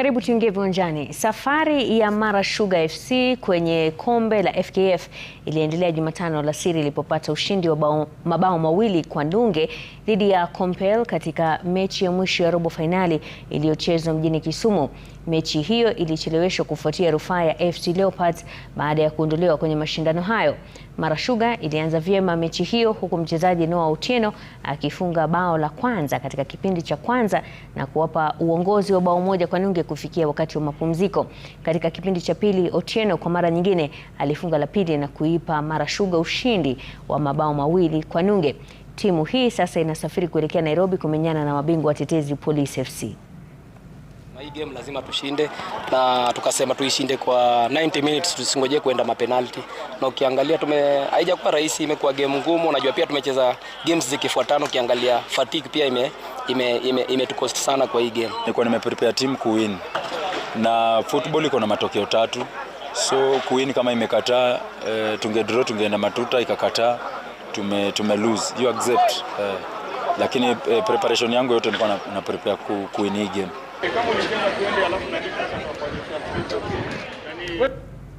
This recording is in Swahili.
Karibu tuingie viwanjani. Safari ya Mara Sugar FC kwenye kombe la FKF iliendelea Jumatano alasiri ilipopata ushindi wa mabao mawili kwa nunge dhidi ya Compel katika mechi ya mwisho ya robo fainali iliyochezwa mjini Kisumu. Mechi hiyo ilicheleweshwa kufuatia rufaa ya FC Leopards baada ya kuondolewa kwenye mashindano hayo. Mara Sugar ilianza vyema mechi hiyo huku mchezaji Noah Otieno akifunga bao la kwanza katika kipindi cha kwanza na kuwapa uongozi wa bao moja kwa nunge kufikia wakati wa mapumziko. Katika kipindi cha pili, Otieno kwa mara nyingine alifunga la pili na kuipa Mara Sugar ushindi wa mabao mawili kwa nunge. Timu hii sasa inasafiri kuelekea Nairobi kumenyana na mabingwa watetezi Police FC. Na hii game lazima tushinde, na tukasema tuishinde kwa 90 minutes, tusingoje kuenda mapenalti. Na ukiangalia tume haijakuwa rahisi, imekuwa game ngumu. Unajua pia tumecheza games zikifuatana, ukiangalia fatigue pia ime ime ime sana kwa hii game. Nilikuwa nimeprepare team win na football iko na matokeo tatu, so win kama imekataa, e, tunge draw tungeenda matuta, ikakataa tume, tume lose you accept e, lakini e, preparation yangu yote nilikuwa na, na prepare ku, win hii game. Kama ulikwenda tuende alafu na